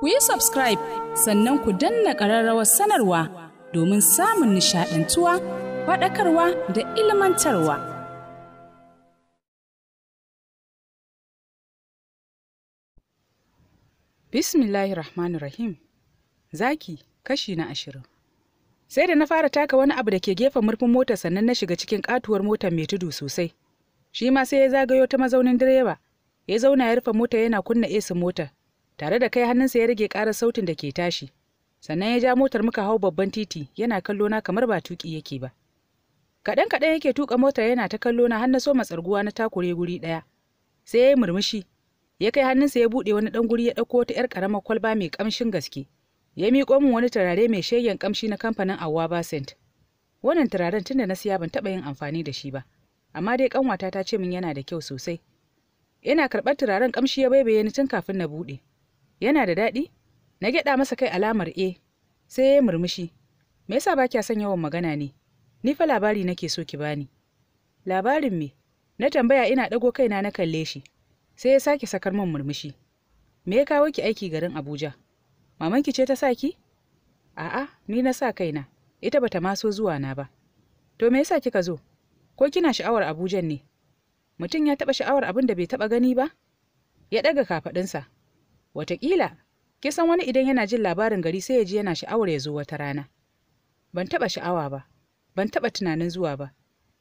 ku yi subscribe sannan ku danna ƙararrawar sanarwa domin samun nishaɗantuwa faɗakarwa da ilmantarwa. Bismillahir Rahmanir Rahim Zaki kashi na ashirin. Sai da na fara taka wani abu da ke gefen murfin mota sannan na shiga cikin ƙatuwar motar mai tudu sosai. Shi ma sai ya zagayo ta mazaunin direba, ya zauna ya rufe mota yana kunna esin motar tare da kai hannunsa ya rage ƙara sautin da ke tashi sannan ya ja motar muka hau babban titi yana kallo na kamar ba tuki yake ba kaɗan kaɗan yake tuka motar yana ta kallo na har na so matsarguwa na takure guri ɗaya sai ya yi murmushi ya kai hannunsa ya buɗe wani ɗan guri ya ɗauko wata 'yar ƙaramar kwalba mai ƙamshin gaske ya miƙo min wani turare mai shegen ƙamshi na kamfanin Awwa Basent. Wannan turaren tunda na siya ban taɓa yin amfani da shi ba, amma dai ƙanwata ta ce min yana da kyau sosai. Ina karɓar turaren ƙamshi ya baibaye ni tun kafin na buɗe. yana da daɗi na gyaɗa masa kai alamar e sai ya murmushi me yasa ba kya son yawan magana ne ni fa labari nake so ki bani labarin me na tambaya ina ɗago kaina na kalle shi sai ya sake sakar min murmushi me ya kawo ki aiki garin abuja mamanki ce ta sa ki a'a ni na sa kai na. ita bata ma so zuwa na ba to me yasa kika zo ko kina sha'awar abujan ne mutum ya taɓa sha'awar abin da bai taɓa gani ba ya ɗaga kafaɗinsa Wataƙila, ke san wani idan yana jin labarin gari sai ya ji yana sha'awar ya zo wata rana. Ban taɓa sha'awa ba, ban taɓa tunanin zuwa ba.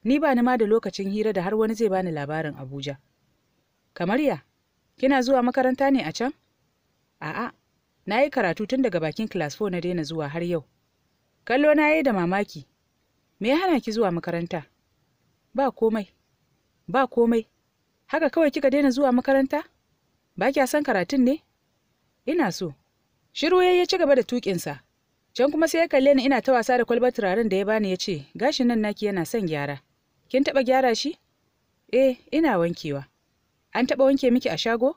Ni ba ni ma da lokacin hira da har wani zai bani labarin Abuja. Kamar ya, kina zuwa makaranta ne a can? A'a, na yi karatu tun daga bakin class 4 na daina zuwa har yau. Kallo na yi da mamaki. Me ya hana ki zuwa makaranta? Ba komai. Ba komai. Haka kawai kika daina zuwa makaranta? Ba kya san karatun ne? ina so shiru ya ci gaba da tuƙinsa can kuma sai ya kalle ni ina ta wasa da kwalbar turaren da ya bani ya ce gashin nan naki yana son gyara kin taɓa gyara shi eh ina wankewa an taɓa wanke miki a shago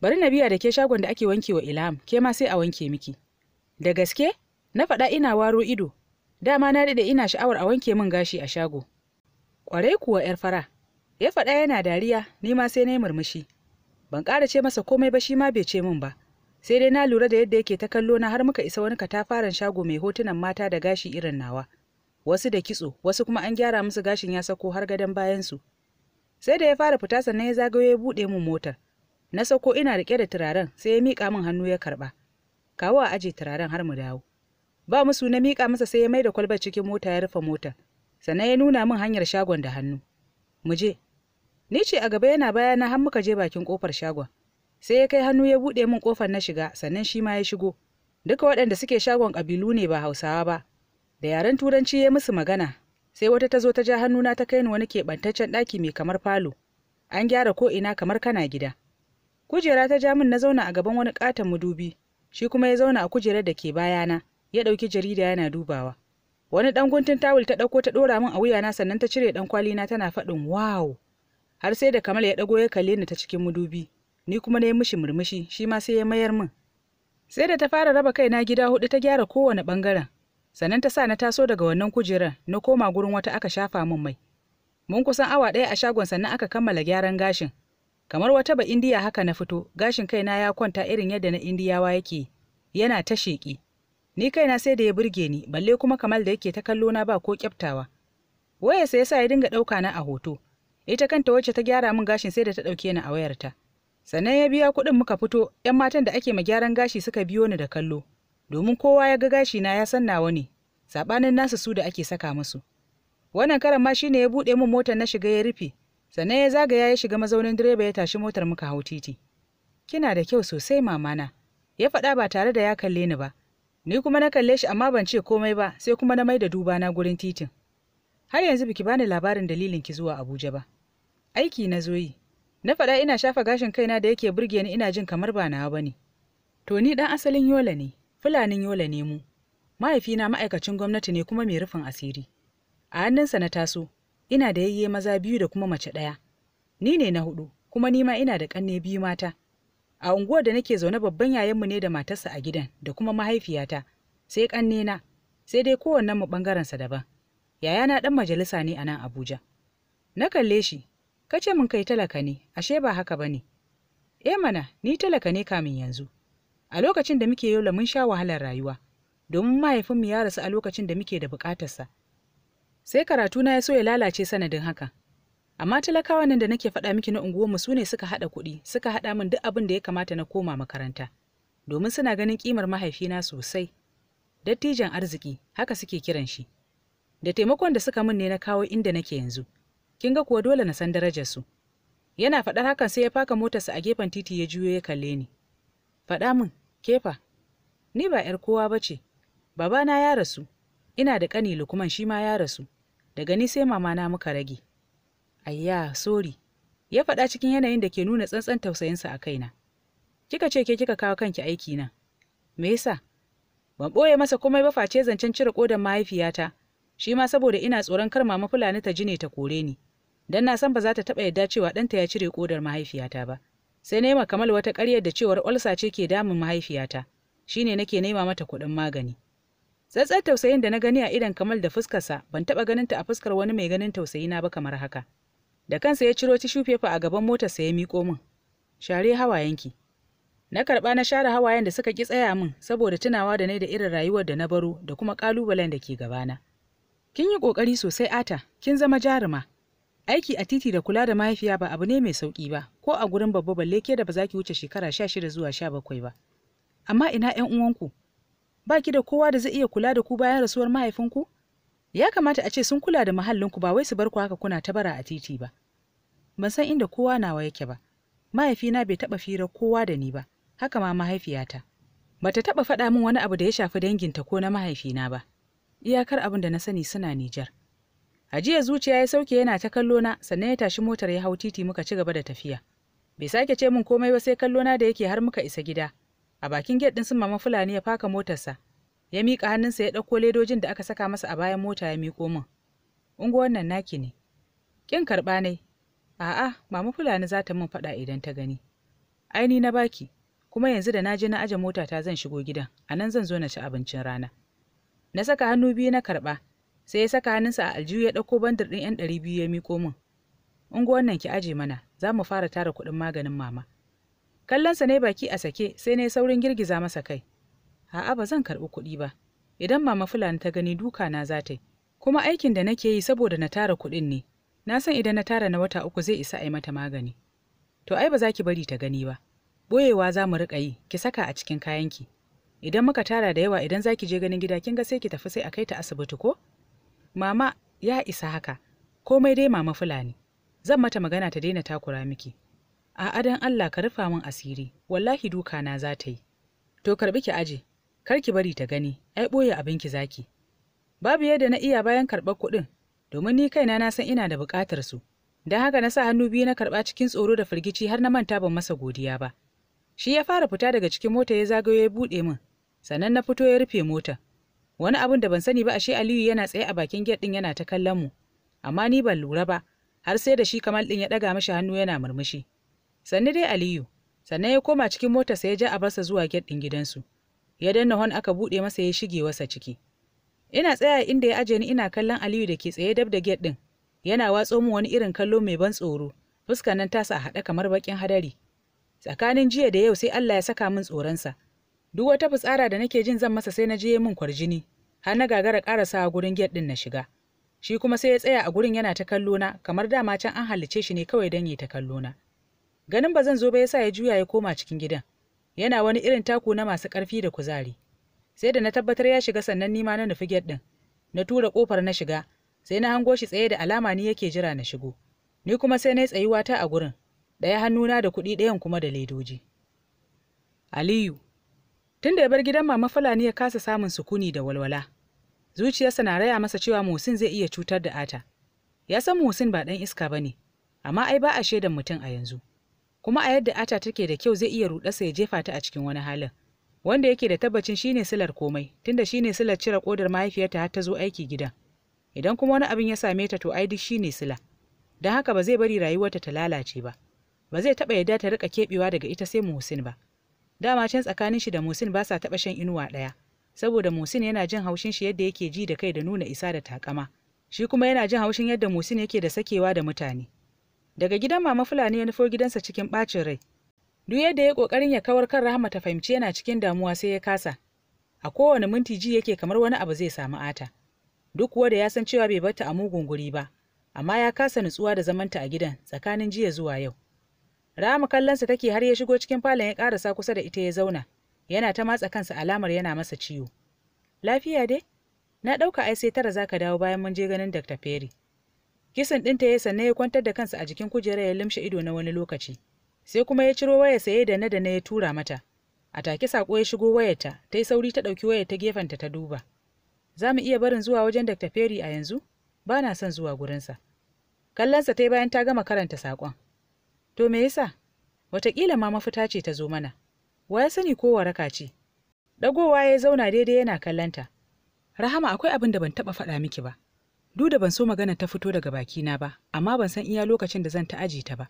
bari na biya da ke shagon da ake wanke wa ilham ke ma sai a wanke miki da gaske na faɗa ina waro ido dama na daɗe ina sha'awar a wanke min gashi a shago ƙwarai kuwa yar fara ya faɗa yana dariya ni ma sai na yi murmushi ban ƙara ce masa komai ba shi ma bai ce min ba sai dai na lura da yadda yake ta kallo na har muka isa wani katafaren shago mai hotunan mata da gashi irin nawa wasu da kitso wasu kuma an gyara musu gashin ya sako har gadon bayan su sai da ya fara fita sannan ya zagayo ya buɗe mun motar na sako ina rike da turaren sai ya mika min hannu ya karɓa kawo a aje turaren har mu dawo ba musu na miƙa masa sai ya mai da kwalbar cikin mota ya rufe motar sannan ya nuna min hanyar shagon da hannu mu je ni ce a gaba yana bayana har muka je bakin kofar shagon sai ya kai hannu ya buɗe min ƙofar na shiga sannan shi ma ya shigo duka waɗanda suke shagon ƙabilu ne ba hausawa ba da yaren turanci ya musu magana sai wata ta zo ta ja hannuna ta kai ni wani keɓantaccen ɗaki mai kamar falo an gyara ko ina kamar kana gida kujera ta ja min na zauna a gaban wani ƙaton madubi shi kuma ya zauna a kujerar da ke bayana ya ɗauki jarida yana dubawa wani ɗan guntun tawul ta ɗauko ta ɗora min a wuyana sannan ta cire ɗan kwalina tana faɗin wow har sai da kamal ya ɗago ya kalle ni ta cikin madubi ni kuma na yi mishi murmushi shi ma sai ya mayar min sai da ta fara raba kaina gida hudu ta gyara kowane bangaren sannan ta sa na taso daga wannan kujerar na koma gurin wata aka shafa min mai mun kusan awa ɗaya a shagon sannan aka kammala gyaran gashin kamar wata ba indiya haka na fito gashin kaina ya kwanta irin yadda na indiyawa yake yana ta sheƙi ni kaina sai da ya burge ni balle kuma kamar da yake ta kallo na ba ko kyaftawa wayarsa yasa ya dinga ɗauka na a hoto ita kanta wacce ta gyara min gashin sai da ta ɗauke ni a wayarta sannan ya biya kuɗin muka fito 'yan matan da ake ma gyaran gashi suka biyo ni da kallo domin kowa ya ga gashi na ya san nawa ne saɓanin nasu su da ake saka musu wannan karan ma shine ya buɗe min motar na shiga ya rufe sannan ya zagaya ya shiga mazaunin direba ya tashi motar muka hau titi kina da kyau sosai mamana ya faɗa ba tare da ya kalle ni ba ni kuma na kalle shi amma ban ce komai ba sai kuma na mai da duba na gurin titin har yanzu biki bani labarin dalilin ki zuwa abuja ba aiki na zoyi. na faɗa ina shafa gashin kaina da yake burge ni ina jin kamar ba nawa bane to ni ɗan asalin yola ne fulanin yola ne mu mahaifina ma'aikacin gwamnati ne kuma mai rufin asiri a hannunsa na taso ina da yayye maza biyu da kuma mace ɗaya ni ne na hudu kuma ni ma ina da ƙanne biyu mata a unguwar da nake zaune babban yayanmu ne da matarsa a gidan da kuma mahaifiyata sai ƙanne na sai dai kowannenmu ɓangarensa daban yayana ɗan majalisa ne a nan abuja na kalle shi ka ce min kai talaka ne ashe ba haka ba ne E mana ni talaka ne kamin yanzu a lokacin da muke yola mun sha wahalar rayuwa domin mahaifinmu ya rasu a lokacin da muke da bukatarsa sai karatuna ya so ya lalace sanadin haka amma talakawa nan da nake faɗa miki na unguwarmu su ne suka haɗa kuɗi suka haɗa min duk abin da ya kamata na koma makaranta domin suna ganin ƙimar mahaifina sosai dattijan arziki haka suke kiran shi da taimakon da suka min ne na kawo inda nake yanzu kin ga kuwa dole na san darajarsu. yana faɗar hakan sai ya faka motarsa a gefen titi ya juyo ya kalle ni faɗa min kefa ni ba 'yar kowa ba ce babana ya rasu ina da ƙani lukuman shi ma ya rasu daga ni sai mama na muka rage ayya sori ya faɗa cikin yanayin da ke nuna tsantsan tausayinsa a kaina kika ce ke kika kawo kanki aiki na me yasa ban ɓoye masa komai ba face zancen cire kodan mahaifiyata shi ma saboda ina tsoron kar mama fulani ta jine ta kore ni dan na san ba za ta taɓa yadda cewa ɗanta ya cire kodar mahaifiyata ba sai nema kamal wata ƙaryar da cewar olsa ce ke damun mahaifiyata shine nake nema mata kuɗin magani tsatsar tausayin da na gani a idan kamal da fuskarsa ban taɓa ganin ta a fuskar wani mai ganin tausayi ba kamar haka da kansa ya ciro tishu fefa a gaban motarsa ya miƙo min share hawayenki na karɓa na share hawayen da suka ki tsaya min saboda tunawa da nai da irin rayuwar da na baro da kuma ƙalubalen da ke gabana kin yi ƙoƙari sosai ata kin zama jaruma aiki a titi da kula da mahaifiya ba abu ne mai sauki ba ko a gurin babba balle ke da ba za ki wuce shekara sha shida zuwa sha bakwai ba amma ina yan uwanku ba ki da kowa da zai iya kula da ku bayan rasuwar mahaifinku ya kamata a ce sun kula da mahallinku ba wai su bar ku haka kuna ta bara a titi ba ban san inda kowa nawa yake ba mahaifina bai taɓa fira kowa da ni ba haka ma mahaifiyata bata taɓa faɗa min wani abu da ya shafi danginta ko na mahaifina ba iyakar abin da na sani suna nijar A jiya, zuciya ya sauke yana ta kallo na sannan ya tashi motar ya hau titi muka ci gaba da tafiya. Bai sake ce min komai ba sai kallo na da yake har muka isa gida. A bakin gate din sun mama Fulani ya faka motarsa. Ya miƙa hannunsa ya ɗauko ledojin da aka saka masa a bayan mota ya miko min. Ungo wannan naki ne. Kin karɓa ne. A'a, mama Fulani za ta min faɗa idan ta gani. Aini na baki, kuma yanzu da na je na aje ta zan shigo gidan, a nan zan zo na ci abincin rana. Na saka hannu biyu na karɓa, sai ya saka hannunsa a aljihu ya ɗauko bandar ɗin 'yan ɗari biyu ya miƙo min unguwan nan ki aje mana za mu fara tara kuɗin maganin mama kallonsa ne baki a sake sai na yi saurin girgiza masa kai a'a ba zan karɓi kuɗi ba idan mama fulani ta gani duka na za ta yi kuma aikin da nake yi saboda na tara kuɗin ne na san idan na tara na wata uku zai isa a yi mata magani to ai ba za ki bari ta gani ba boyewa za mu riƙa yi ki saka a cikin kayanki idan muka tara da yawa idan za ki je ganin gida kin ga sai ki tafi sai a kai ta asibiti ko Mama, ya isa haka, komai dai mama Fulani, zan mata magana ta daina takura miki. A'a dan Allah ka rufa min asiri, wallahi duka na za ta yi. To karbi ki aje, kar ki bari ta gani, ai ɓoye abinki zaki. Babu yadda na iya bayan karɓar kuɗin, domin ni kaina na san ina da buƙatar su. Don haka na sa hannu biyu na karɓa cikin tsoro da firgici har na manta ban masa godiya ba. Shi ya fara fita daga cikin mota ya zagayo ya buɗe min, sannan na fito ya rufe mota. wani abin da ban sani ba ashe aliyu yana tsaye a bakin gate din yana ta kallon mu amma ni ban lura ba har sai da shi kamal din ya daga mashi hannu yana murmushi sanne dai aliyu sannan ya koma cikin motarsa ya ja a barsa zuwa gate din gidansu ya danna hon aka bude masa ya shige wasa ciki ina tsaya inda ya aje ni ina kallon aliyu da ke tsaye dab da gate din yana watso mu wani irin kallo mai ban tsoro fuskan nan tasa a haɗe kamar bakin hadari tsakanin jiya da yau sai Allah ya saka min tsoronsa duk wata fitsara da nake jin zan masa sai na je min kwarjini har na gagara a gurin gate din na shiga shi kuma sai ya tsaya a gurin yana ta kallo na kamar dama can an halice shi ne kawai don yi ta kallo na ganin ba zan zo ba yasa ya juya ya koma cikin gidan yana wani irin taku na masu karfi da kuzari sai da na tabbatar ya shiga sannan nima na nufi gate din na tura kofar na shiga sai na hango shi tsaye da alama ni yake jira na shigo ni kuma sai na tsayuwa ta a gurin ɗaya hannuna da kuɗi ɗayan kuma da ledoji aliyu tun da ya bar gidan mama fulani ya kasa samun sukuni da walwala zuciyarsa na raya masa cewa Muhsin zai iya cutar da ata ya san Muhsin ba ɗan iska ba ne amma ai ba a shaidan mutum a yanzu kuma a yadda ata take da kyau zai iya ruɗarsa ya jefa ta a cikin wani halin wanda yake da tabbacin shine silar komai tunda shi ne silar cire kodar mahaifiyarta har ta zo aiki gidan idan kuma wani abin ya same ta to ai duk ne sila don haka ba zai bari rayuwarta ta lalace ba ba zai taɓa yarda ta rika keɓewa daga ita sai muhsin ba dama can tsakanin shi da musin ba sa taɓa shan inuwa ɗaya saboda musin yana jin haushin shi yadda yake ji da kai da nuna isa da takama shi kuma yana jin haushin yadda musin yake da sakewa da mutane daga gidan mama fulani ya nufo gidansa cikin ɓacin rai duk yadda ya ƙoƙarin ya kawar kan rahama ta fahimci yana cikin damuwa sai ya kasa a kowane minti ji yake kamar wani abu zai samu ata duk kuwa da ya san cewa bai barta a mugun guri ba amma ya kasa nutsuwa da zamanta a gidan tsakanin jiya zuwa yau Rama kallonsa take har ya shigo cikin falon ya karasa kusa da ita ya zauna. Yana ta matsa kansa alamar yana masa ciwo. Lafiya dai? Na ɗauka ai sai tara zaka dawo bayan mun je ganin Dr. Perry. Kisan ɗinta ya sannan ya kwantar da kansa a jikin kujerar ya limshe ido na wani lokaci. Sai kuma ya ciro waya saye da na da na ya tura mata. A take sako ya shigo wayarta, ta yi sauri ta ɗauki wayar ta gefenta ta duba. Za mu iya barin zuwa wajen Dr. Perry a yanzu? bana son zuwa gurinsa. Kallonsa tai bayan ta gama karanta sakon To me yasa? Wataƙila ma mafita ce ta zo mana. Wa ya sani ko waraka ce? Dagowa ya zauna daidai yana kallanta. Rahama akwai abin da ban taɓa faɗa miki ba. Duk da ban so magana ta fito daga bakina ba, amma ban san iya lokacin da zan ta aji ta ba.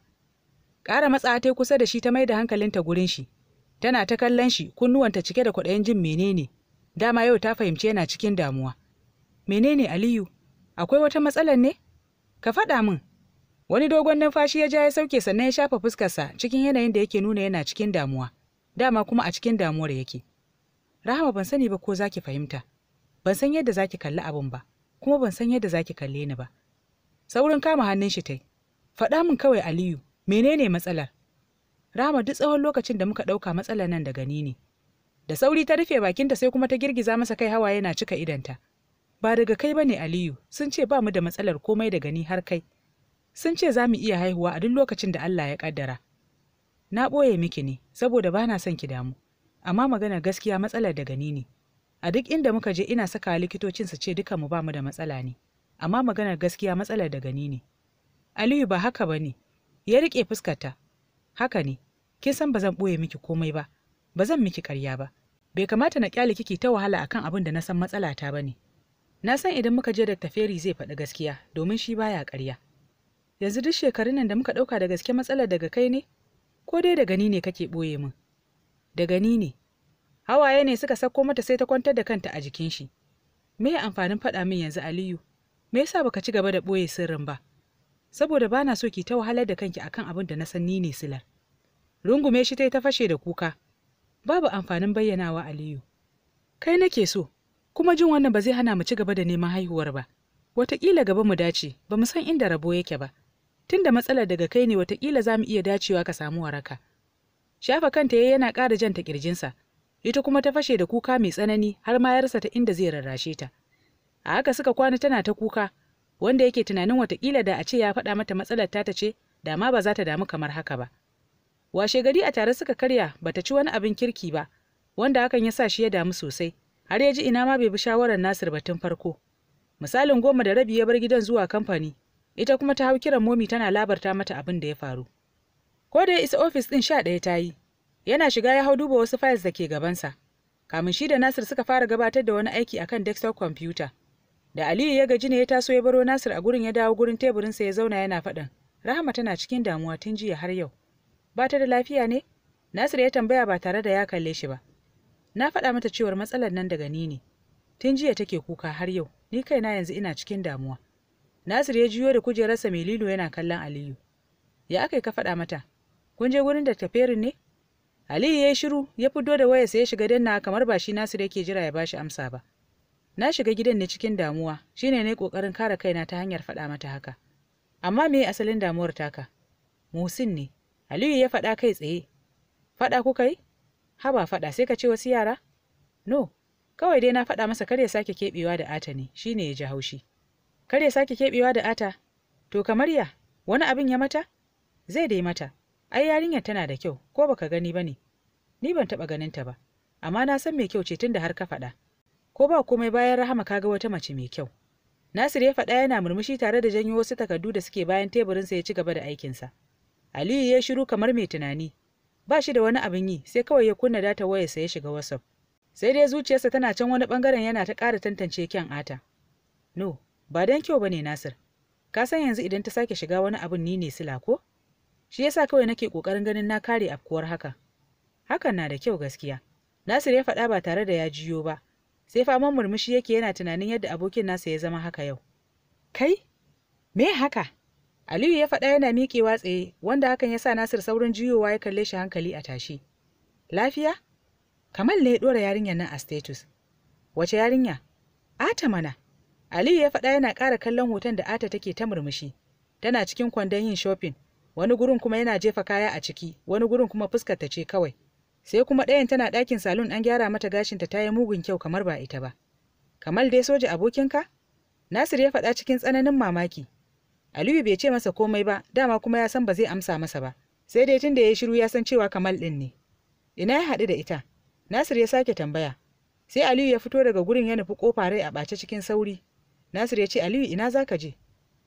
Ƙara matsa ta kusa da shi ta mai da hankalinta gurin shi. Tana ta kallon shi, kunnuwanta cike da kwaɗayin jin menene. Dama yau ta fahimci yana cikin damuwa. Menene Aliyu? Akwai wata matsalar ne? Ka faɗa min, Wani dogon numfashi ya ja ya sauke sannan ya shafa fuskarsa cikin yanayin da yake nuna yana cikin damuwa. Dama kuma a cikin damuwar yake. Rahama ban sani ba ko zaki fahimta. Ban san yadda zaki kalli abin ba, kuma ban san yadda zaki kalle ni ba. Saurin kama hannun shi tai. Faɗa min kawai Aliyu, menene matsalar? Rahama duk tsawon lokacin da muka ɗauka matsalar nan da gani ne. Da sauri ta rufe bakinta sai kuma ta girgiza masa kai hawa yana cika idanta. Ba daga kai ba ne Aliyu, sun ce ba mu da matsalar komai da ni har kai. sun ce za mu iya haihuwa a duk lokacin da Allah ya kaddara na ɓoye miki ne saboda bana son ki damu amma maganar gaskiya matsalar da ni ne a duk inda muka je ina saka likitocin su ce duka mu ba mu da matsala ne amma maganar gaskiya matsalar da ni ne Aliyu ba haka ba ne ya riƙe fuskarta haka ne kin san ba zan ɓoye miki komai ba ba zan miki ƙarya ba bai kamata na ƙya kiki ta wahala akan abin da na san matsala ta ne. na san idan muka je da taferi zai faɗi gaskiya domin shi baya ƙarya yanzu duk shekarun nan da muka ɗauka da gaske matsalar daga kai ne ko dai da gani ne kake ɓoye min da gani ne hawaye ne suka sako mata sai ta kwantar da kanta a jikin shi me ya amfanin faɗa min yanzu aliyu me yasa baka ci gaba da ɓoye sirrin ba saboda bana so ki ta wahalar da kanki akan abin da na san ni ne silar rungume shi tai ta fashe da kuka babu amfanin bayyanawa aliyu kai nake so kuma jin wannan ba zai hana mu ci gaba da neman haihuwar ba wataƙila gaba mu dace ba mu san inda rabo yake ba Tun da matsalar daga kai ne watakila za mu iya dacewa ka samu waraka shafa kanta yi yana ƙara janta ƙirjinsa ita kuma ta fashe da kuka mai tsanani har ma ya rasa ta inda zai rarrashe ta a haka suka kwana tana ta kuka wanda yake tunanin watakila da a ce ya faɗa mata matsalar ta ta ce da ma ba za ta damu kamar haka ba washe gari a tare suka karya ba ta ci wani abin kirki ba wanda hakan ya sa shi ya damu sosai har ya ji ina ma bai bi shawarar Nasir batun farko misalin goma da rabi ya bar gidan zuwa kamfani ita kuma ta hau kiran momi tana labarta mata abin da ya faru ko da ya isa ofis din sha ɗaya ta yi yana shiga ya hau duba wasu files da ke gabansa kamin shi da nasir suka fara gabatar da wani aiki akan desktop computer da aliyu ya gaji ne ya taso ya baro nasir a gurin ya dawo gurin teburinsa ya zauna yana faɗin rahama tana cikin damuwa tun jiya har yau ba ta da lafiya ne nasir ya tambaya ba tare da ya kalle shi ba na faɗa mata cewar matsalar nan daga ni ne tun jiya take kuka har yau ni kaina yanzu ina cikin damuwa nasir ya jiyo da kujerarsa mai lilo yana kallon aliyu ya aka ka faɗa mata kun je gurin da taferin ne aliyu ya yi shiru ya fito da wayarsa ya shiga danna kamar ba shi nasir yake jira ya bashi amsa ba na shiga gidan ne cikin damuwa shine ne kokarin kare kaina ta hanyar faɗa mata haka amma me asalin damuwar taka musin ne aliyu ya faɗa kai tsaye faɗa kuka yi haba faɗa sai ka ce wasu yara no kawai dai na faɗa masa kar ya sake keɓewa da atani shine ya ji haushi kar ya sake keɓewa da ata to kamar ya wani abin ya mata zai dai mata ai yarinyar tana da kyau ko baka gani bane ni ban taɓa ganin ta ba amma na san mai kyau ce tunda har ka faɗa ko ba komai bayan rahama kaga wata mace mai kyau nasir ya faɗa yana murmushi tare da janyo wasu takardu da suke bayan teburinsa ya ci gaba da aikinsa aliyu ya shiru kamar mai tunani ba shi da wani abin yi sai kawai ya kunna data wayarsa ya shiga whatsapp sai dai zuciyarsa tana can wani bangaren yana ta ƙara tantance kyan ata no ba don kyau bane Nasir ka san yanzu idan ta sake shiga wani abun ni ne sila ko shi yasa kawai nake kokarin ganin na kare afkuwar haka hakan na da kyau gaskiya Nasir ya faɗa ba tare da ya jiyo ba sai faman murmushi yake yana tunanin yadda abokin nasa ya zama haka yau kai me haka Aliyu ya faɗa yana miƙewa tsaye wanda hakan ya sa Nasir saurin juyowa ya kalle shi hankali a tashi lafiya Kamal ne ya ɗora yarinyar nan a status wace yarinya ata mana Aliyu ya faɗa yana ƙara kallon hoton da Ata take ta murmushi. Tana cikin kwandon yin shopping, wani gurin kuma yana jefa kaya a ciki, wani gurin kuma fuskar ta ce kawai. Sai kuma ɗayan tana ɗakin salon an gyara mata gashinta ta yi mugun kyau kamar ba ita ba. Kamal dai soja abokinka? Nasir ya faɗa cikin tsananin mamaki. Aliyu bai ce masa komai ba, dama kuma ya san ba zai amsa masa ba. Sai dai tun da ya shiru ya san cewa Kamal ɗin ne. Ina ya haɗu da ita? Nasir ya sake tambaya. Sai Aliyu ya fito daga gurin ya nufi ƙofa rai a ɓace cikin sauri. nasir ya ce aliyu ina za ka je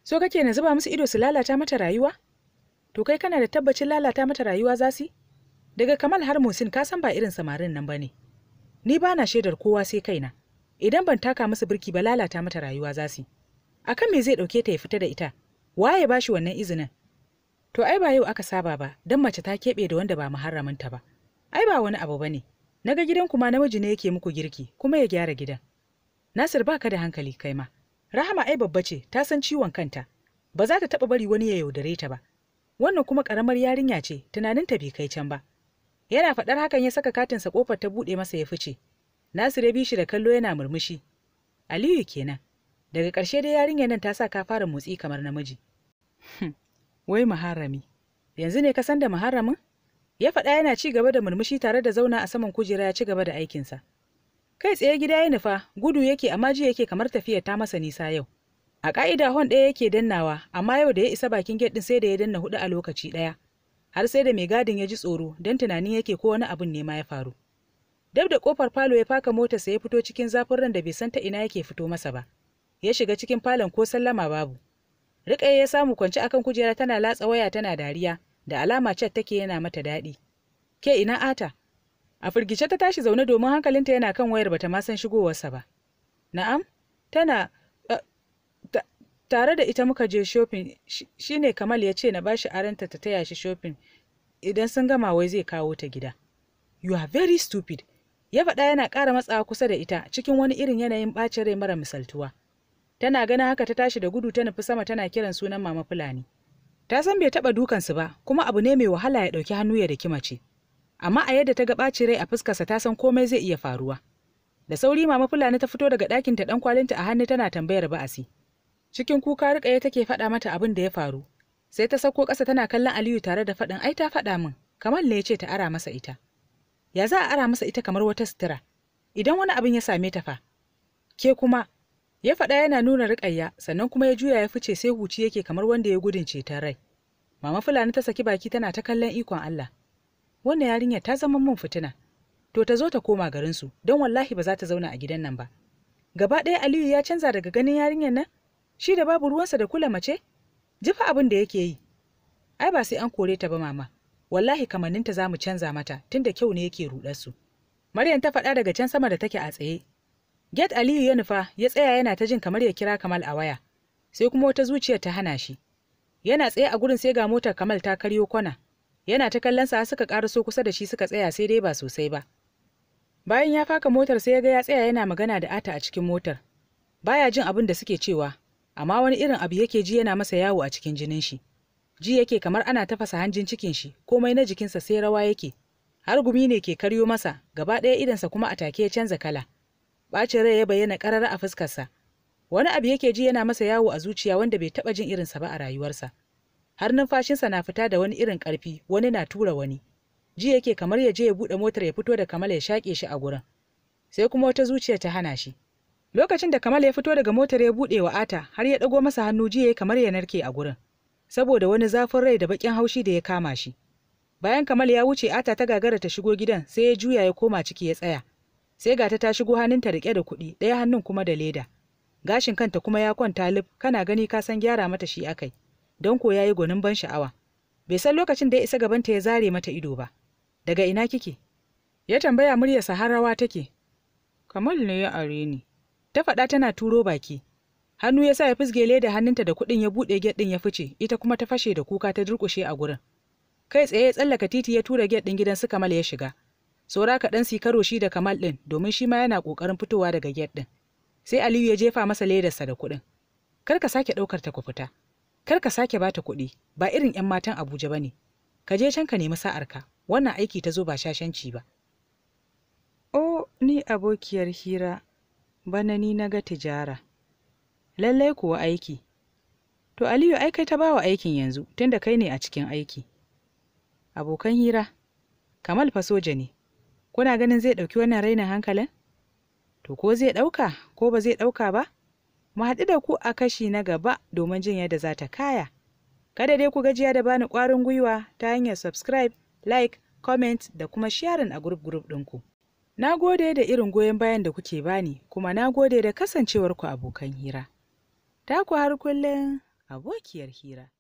so kake na zuba musu ido su lalata mata rayuwa to kai kana da tabbacin lalata mata rayuwa za su daga kamal har musin ka san ba irin samarin nan ba ne ni ba na shaidar kowa sai kaina idan ban taka musu birki ba lalata mata rayuwa za su akan me zai ɗauke ta ya fita da ita waye ba shi wannan izinin to ai ba yau aka saba ba don mace ta keɓe da wanda ba ta ba ai ba wani abu ba ne na ga gidan kuma namiji ne yake muku girki kuma ya gyara gidan nasir baka da hankali kai ma Rahama ai babba ce, ta san ciwon kanta. Ba za ta taɓa bari wani ya yaudare ta ba. Wannan kuma ƙaramar yarinya ce, tunaninta bai kai can ba. Yana faɗar hakan ya saka katinsa ƙofar ta buɗe masa ya fice. Nasiru ya bi shi da kallo yana murmushi. Aliyu kenan. Daga ƙarshe dai yarinya nan ta sa ka fara motsi kamar namiji. Hm, wai muharrami. Yanzu ne ka san da muharramin? Ya faɗa yana ci gaba da murmushi tare da zauna a saman kujera ya ci gaba da aikinsa. kai tsaye gida ya nufa gudu yake amma jiya yake kamar tafiyar ta masa nisa yau a ka'ida hon ɗaya yake dannawa amma yau da ya isa bakin gate din sai da ya danna hudu a lokaci ɗaya har sai da mai gadin ya ji tsoro don tunanin yake ko wani abun ne ma ya faru dab da kofar falo ya faka sai ya fito cikin zafin ran da bai san ta ina yake fito masa ba ya shiga cikin falon ko sallama babu rika ya samu kwance akan kujera tana latsa waya tana dariya da alama chat take yana mata daɗi ke ina ata a firgice ta tashi zaune domin hankalinta yana kan wayar bata ma san shigowarsa ba na'am tana eh, tare da ita muka je shopping shine kamal ya ce na bashi aranta ta taya shi shopping idan sun gama wai zai kawo ta gida you are very stupid ya faɗa yana ƙara matsawa kusa da ita cikin wani irin yanayin ɓacin rai mara misaltuwa tana ganin haka ta tashi da gudu ta nufi sama tana kiran sunan mama fulani ta san bai taɓa dukansu ba kuma abu ne mai wahala ya ɗauki hannu ya daki mace amma a yadda ta ga ɓaci rai a fuskarsa ta san komai zai iya faruwa da sauri mama fulani ta fito daga ɗakin ta ɗan kwalinta a hannu tana tambayar ba'asi cikin kuka rikaye take faɗa mata abin da ya faru sai ta sauko ƙasa tana kallon aliyu tare da faɗin ai ta faɗa min kamar ne ya ce ta ara masa ita ya za a ara masa ita kamar wata sutura idan wani abin ya same ta fa ke kuma ya faɗa yana nuna riƙayya sannan kuma ya juya ya fice sai huci yake kamar wanda ya gudun ceton rai mama fulani ta saki baki tana ta kallon ikon allah wannan yarinya ta zama mun fitina to ta zo ta koma garinsu don wallahi ba za ta zauna a gidan nan ba gaba ɗaya aliyu ya canza daga ganin yarinyar nan shi da babu ruwansa da kula mace jifa abin da yake yi ai ba sai an kore ta ba mama wallahi kamanninta za mu canza mata tunda kyau ne yake ruɗar su maryam ta faɗa daga can sama da take a tsaye get aliyu ya nufa ya tsaya yana ta jin kamar ya kira kamal a waya sai kuma wata zuciyar ta hana shi yana tsaye a gurin sai ga motar kamal ta karyo kwana yana ta kallon sa suka so kusa da shi suka tsaya sai dai ba sosai ba bayan ya faka motar sai ya ga ya tsaya yana magana da ata a cikin motar baya jin abin da suke cewa amma wani irin abu yake ji yana masa yawo a cikin jinin shi ji yake kamar ana tafasa hanjin cikin shi komai na jikinsa sai rawa yake har gumi ne ke karyo masa gaba ɗaya idansa kuma a take ya canza kala ɓacin rai ya bayyana ƙarara a fuskarsa wani abu yake ji yana masa yawo a zuciya wanda bai taɓa jin irinsa ba a rayuwarsa har numfashinsa na fita da wani irin ƙarfi wani na tura wani ji yake kamar ya je ya buɗe motar ya fito da kamal ya shaƙe shi a gurin sai kuma wata zuciya ta hana shi lokacin da kamal ya fito daga motar ya buɗe wa ata har ya ɗago masa hannu ji yayi kamar ya narke a gurin saboda wani zafin rai da baƙin haushi da ya kama shi bayan kamal ya wuce ata ta gagara ta shigo gidan sai ya juya ya koma ciki ya tsaya sai gata ta shigo hannunta riƙe da kuɗi ɗaya hannun kuma da leda gashin kanta kuma ya kwanta lif kana gani ka san gyara mata shi akai don ko ya yi gwanin ban sha'awa bai san lokacin da ya isa gaban ta ya zare mata ido ba daga ina kike ya tambaya murya saharawa take kamal ne ya are ni ta faɗa tana turo baki hannu ya sa ya fisge leda hannunta da kuɗin ya buɗe get ɗin ya fice ita kuma ta fashe da kuka ta durƙushe a gurin kai tsaye ya tsallaka titi ya tura get ɗin gidan su kamal ya shiga saura kaɗan su karo shi da kamal ɗin domin shi ma yana ƙoƙarin fitowa daga get ɗin sai aliyu ya jefa masa ledarsa da kuɗin kar ka sake ɗaukar ta ku fita kar ka sake bata kuɗi ba irin 'yan matan abuja ba ne ka je can ka nemi sa'arka wannan aiki ta zo ba shashanci ba o ni abokiyar hira bana ni na ga tijara lallai kuwa aiki to aliyu ai kai ta bawa aikin yanzu tunda kai ne a cikin aiki abokan hira kamal fa soja ne kuna ganin zai ɗauki wannan rainin hankalin to ko zai ɗauka ko ba zai ɗauka ba Mu haɗu da ku a kashi na gaba domin jin yadda za ta kaya. Kada dai ku gajiya da bani ƙwarin gwiwa ta hanyar subscribe, like, comment da kuma sharing a group group ɗinku. Na gode da irin goyon bayan da kuke bani, kuma na gode da kasancewarku abokan hira. ta ku har kullum abokiyar hira.